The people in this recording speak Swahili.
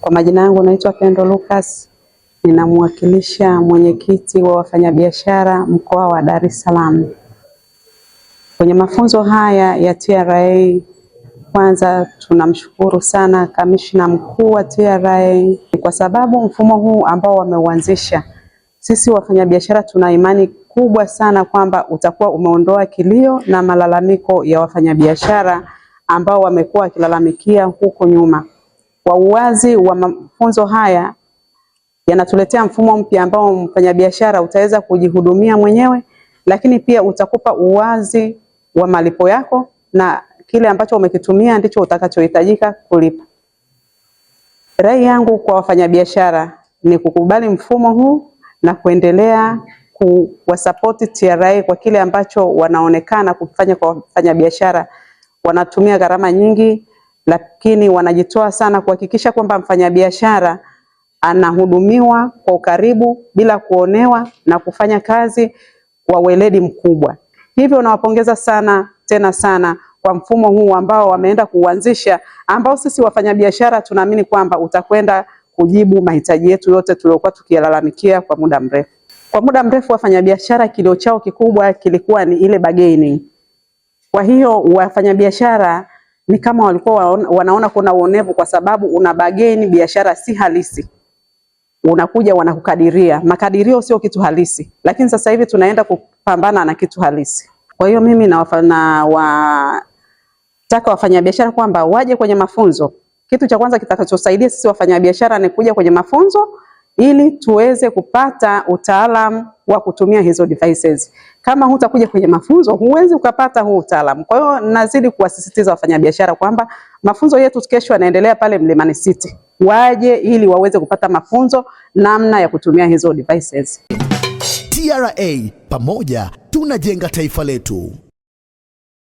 Kwa majina yangu naitwa Pendo Lucas, ninamwakilisha mwenyekiti wa wafanyabiashara mkoa wa Dar es Salaam. Kwenye mafunzo haya ya TRA, kwanza tunamshukuru sana kamishna mkuu wa TRA kwa sababu mfumo huu ambao wameuanzisha, sisi wafanyabiashara tuna imani kubwa sana kwamba utakuwa umeondoa kilio na malalamiko ya wafanyabiashara ambao wamekuwa wakilalamikia huko nyuma. Kwa uwazi wa mafunzo haya yanatuletea mfumo mpya ambao mfanyabiashara utaweza kujihudumia mwenyewe, lakini pia utakupa uwazi wa malipo yako na kile ambacho umekitumia ndicho utakachohitajika kulipa. Rai yangu kwa wafanyabiashara ni kukubali mfumo huu na kuendelea kuwasapoti TRA kwa kile ambacho wanaonekana kufanya kwa wafanyabiashara. Wanatumia gharama nyingi lakini wanajitoa sana kuhakikisha kwamba mfanyabiashara anahudumiwa kwa ukaribu bila kuonewa na kufanya kazi kwa weledi mkubwa. Hivyo nawapongeza sana tena sana kwa mfumo huu ambao wameenda kuuanzisha, ambao sisi wafanyabiashara tunaamini kwamba utakwenda kujibu mahitaji yetu yote tuliokuwa tukiyalalamikia kwa muda mrefu. Kwa muda mrefu wafanyabiashara kilio chao kikubwa kilikuwa ni ile bargaining. Kwa hiyo wafanyabiashara ni kama walikuwa wanaona kuna uonevu, kwa sababu una bageni, biashara si halisi, unakuja wanakukadiria. Makadirio sio kitu halisi, lakini sasa hivi tunaenda kupambana na kitu halisi. Kwa hiyo mimi nawataka wa... wafanyabiashara kwamba waje kwenye mafunzo. Kitu cha kwanza kitakachosaidia sisi wafanyabiashara ni kuja kwenye mafunzo ili tuweze kupata utaalamu wa kutumia hizo devices. Kama hutakuja kwenye mafunzo, huwezi ukapata huu utaalamu. Kwa hiyo nazidi kuwasisitiza wafanyabiashara kwamba mafunzo yetu kesho yanaendelea pale Mlimani City, waje ili waweze kupata mafunzo namna ya kutumia hizo devices. TRA pamoja tunajenga taifa letu.